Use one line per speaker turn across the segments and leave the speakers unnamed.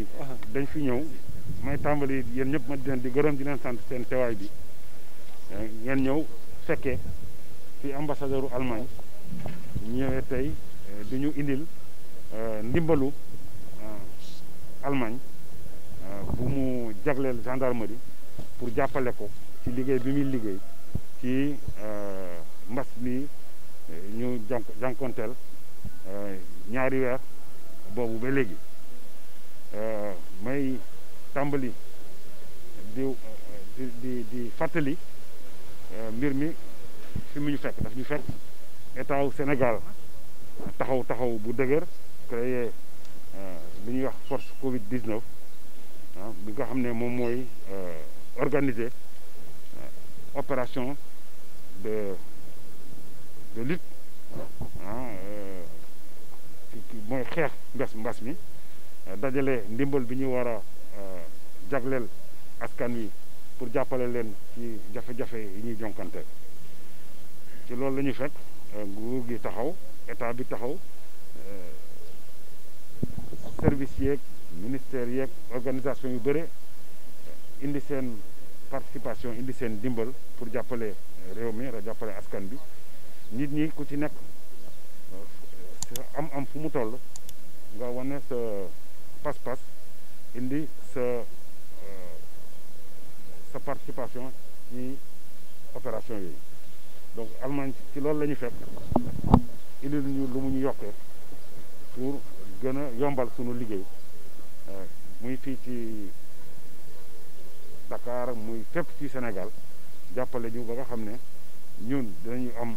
Uh-huh. dañ fi ñëw may tàmbali yéen ñëpp ma di leen di gërëm di leen sant seen teewaay bi eh, ngeen ñëw fekkee fi ambassadeuru Allemagne ñëwee tey eh, du ñu indil eh, ndimbalu Allemagne bu mu jagleel gendarmerie pour jàppale ko ci liggéey bi muy liggéey ci mbas mi ñu jànkonteel ñaari weer boobu ba léegi Euh, may tàmbali di di di fàttali euh, mbir mi fi mu ñu fekk daf ñu fekk état Sénégal taxaw taxaw bu dëgër créé euh, li ñuy wax force Covid 19 ah bi nga xam ne moom mooy organisé opération de de lutte ah, mooy xeex mbas mbas mi. dajale ndimbal bi ñu war a euh, jagleel askan wi pour jàppale leen ci jafe-jafe yi ñuy jonkante ci loolu la ñu fekk euh, nguur gi taxaw état bi taxaw euh, service yeeg ministère yeeg organisation yu bëre indi seen participation indi seen ndimbal pour jàppale réew mi jàppale askan bi nit ñi ku ci nekk am am fu mu toll nga wane sa pas-pas indi sa euh, sa participation ci opération yooyu donc Allemagne ci loolu la ñu fekk indi ñu lu mu ñu yokkee pour gën a yombal sunu liggéey euh, muy fii ci dakaar muy fépp ci Sénégal jàppale ñu ba nga xam ne ñun dinañu am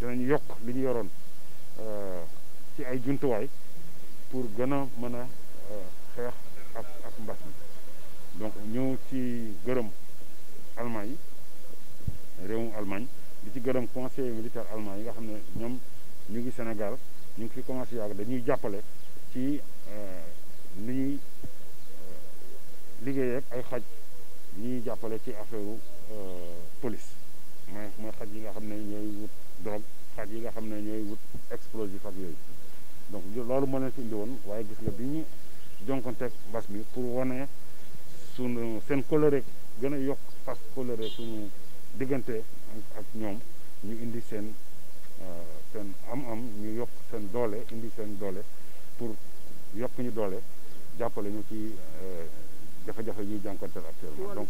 dinañu yokk li ñu yoroon euh, ci ay jumtuwaay pour gën a mën a ak ak mbas mi donc ñu ci gërëm allemand yi réewum Allemagne di ci gërëm conseil militaire allemand yi nga xam ne ñoom ñu ngi Sénégal ñu ngi fi commencé yàgg dañuy jàppale ci euh, ni ñuy euh, liggéeyee ak ay xaj ñuy jàppale ci affaire euh, police mooy mooy xaj yi nga xam ne ñooy wut drogue xaj yi nga xam ne ñooy wut explosif ak yooyu donc loolu moo leen fi indi waaye gis nga bi ñu jonkonteeg mbas mi pour wane sunu seen coloré gën a yokk fas coloré sunu diggante ak ñoom ñu indi seen euh, seen am-am ñu yokk seen doole indi seen doole pour yokk ñu doole jàppale ñu ci euh, jafe-jafe yi jànkonteel actuellement donc